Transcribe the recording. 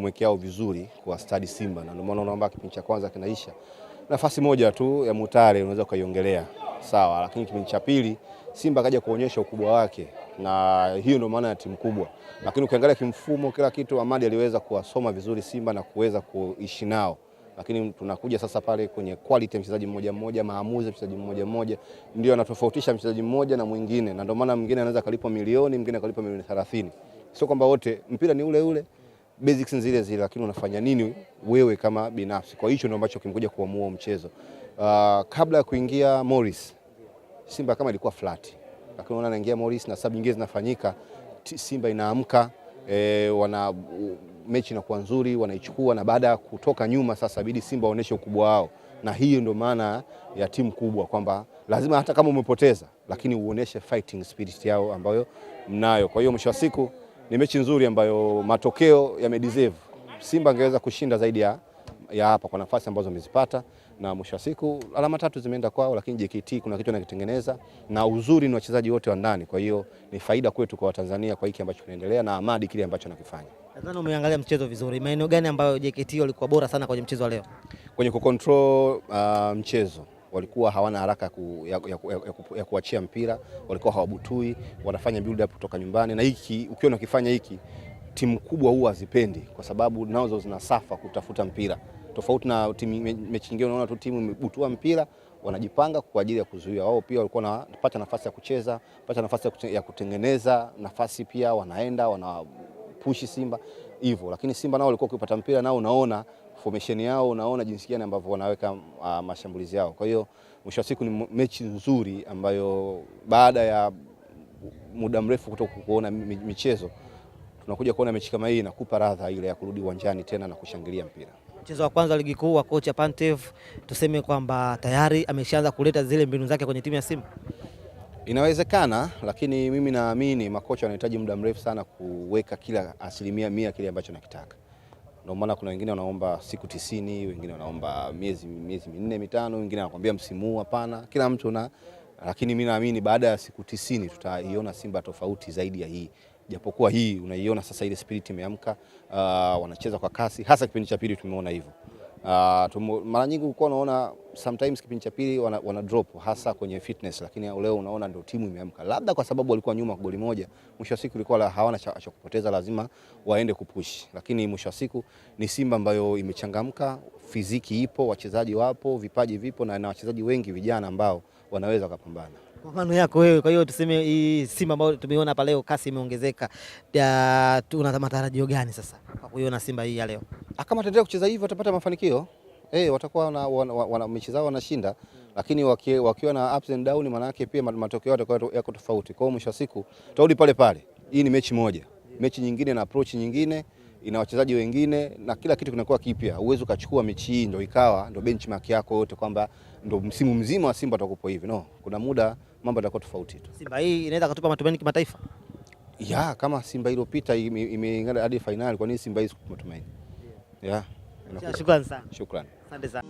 Mwekeao vizuri kwa stadi Simba na ndio maana unaomba kipindi cha kwanza kinaisha nafasi moja tu ya Mutale unaweza ukaiongelea sawa, lakini kipindi cha pili Simba kaja kuonyesha ukubwa wake, na hiyo ndio maana ya timu kubwa. Lakini ukiangalia kimfumo, kila kitu, Amadi aliweza kuwasoma vizuri Simba na kuweza kuishi nao, lakini tunakuja sasa pale kwenye quality ya mchezaji mmoja mmoja, maamuzi ya mchezaji mmoja mmoja, ndio anatofautisha mchezaji mmoja na mwingine, na ndio maana mwingine anaweza kalipwa milioni, mwingine kalipwa milioni 30. Sio kwamba wote mpira ni ule ule basics zile zile, lakini unafanya nini wewe kama binafsi? Kwa hicho ndio ambacho kimekuja kuamua mchezo. Uh, kabla ya kuingia Morris, Simba kama ilikuwa flat, lakini unaona anaingia Morris na sababu nyingine zinafanyika, Simba inaamka E, wana mechi inakuwa nzuri, wanaichukua na baada ya kutoka nyuma sasa bidi Simba waoneshe ukubwa wao, na hiyo ndio maana ya timu kubwa kwamba lazima hata kama umepoteza, lakini uoneshe fighting spirit yao ambayo mnayo. Kwa hiyo mwisho wa siku ni mechi nzuri ambayo matokeo yamedeserve. Simba angeweza kushinda zaidi ya, ya hapa kwa nafasi ambazo amezipata, na mwisho wa siku alama tatu zimeenda kwao, lakini JKT kuna kitu anakitengeneza, na uzuri ni wachezaji wote wa ndani. Kwa hiyo ni faida kwetu kwa Watanzania kwa hiki ambacho kinaendelea na Amadi kile ambacho anakifanya. Nadhani umeangalia mchezo vizuri, maeneo gani ambayo JKT walikuwa bora sana kwenye mchezo wa leo, kwenye kucontrol uh, mchezo walikuwa hawana haraka ku, ya, ya, ya, ya kuachia mpira, walikuwa hawabutui, wanafanya build up kutoka nyumbani, na hiki ukiona ukifanya hiki timu kubwa huwa hazipendi kwa sababu nazo zina safa kutafuta mpira, tofauti na timu mechi nyingine. Unaona tu timu imebutua mpira wanajipanga kwa ajili ya kuzuia. Wao pia walikuwa wanapata nafasi ya kucheza, pata nafasi ya kutengeneza nafasi, pia wanaenda wanapushi Simba hivyo, lakini Simba nao walikuwa kupata mpira nao unaona formation yao, unaona jinsi gani ambavyo wanaweka uh, mashambulizi yao. Kwa hiyo mwisho wa siku ni mechi nzuri ambayo baada ya muda mrefu kutoka kuona michezo tunakuja kuona mechi kama hii inakupa radha ile ya kurudi uwanjani tena na kushangilia mpira. Mchezo wa kwanza ligi kuu wa kocha Pantev, tuseme kwamba tayari ameshaanza kuleta zile mbinu zake kwenye timu ya Simba. Inawezekana, lakini mimi naamini makocha wanahitaji muda mrefu sana kuweka kila asilimia mia kile ambacho nakitaka. Ndio maana kuna wengine wanaomba siku tisini, wengine wanaomba miezi miezi minne mitano, wengine wanakuambia msimu huu hapana. Kila mtu na lakini mimi naamini baada ya siku tisini tutaiona Simba tofauti zaidi ya hii, japokuwa hii unaiona sasa ile spirit imeamka. Uh, wanacheza kwa kasi, hasa kipindi cha pili tumeona hivyo. Uh, mara nyingi ulikuwa unaona sometimes kipindi cha pili wana, wana drop hasa kwenye fitness, lakini leo unaona ndio timu imeamka, labda kwa sababu walikuwa nyuma kwa goli moja. Mwisho wa siku ilikuwa hawana cha, cha kupoteza, lazima waende kupush, lakini mwisho wa siku ni Simba ambayo imechangamka, fiziki ipo, wachezaji wapo, vipaji vipo na na wachezaji wengi vijana ambao wanaweza wakapambana mfano yako wewe. Kwa hiyo tuseme hii Simba ambayo tumeona hapa leo kasi imeongezeka, tuna matarajio gani sasa kwa kuiona Simba hii ya leo? Ah, kama wataendelea kucheza hivi watapata mafanikio eh, watakuwa na wana, mechi zao wanashinda Lakini wakiwa waki na ups and down, maana yake pia matokeo yao yako tofauti. Kwa hiyo mwisho wa siku tutarudi pale pale. Hii ni mechi moja, mechi nyingine na approach nyingine ina wachezaji wengine na kila kitu kinakuwa kipya. Uwezo ukachukua mechi hii ndo ikawa ndo benchmark yako yote kwamba ndo msimu mzima wa Simba utakupo hivi. No, kuna muda mambo yatakuwa tofauti tu. Simba hii inaweza kutupa matumaini kimataifa? Ya, kama Simba iliyopita imeingia hadi fainali, kwa nini Simba hii isikutupa matumaini? Yeah. Yeah. Shukrani sana. Shukrani. Asante sana.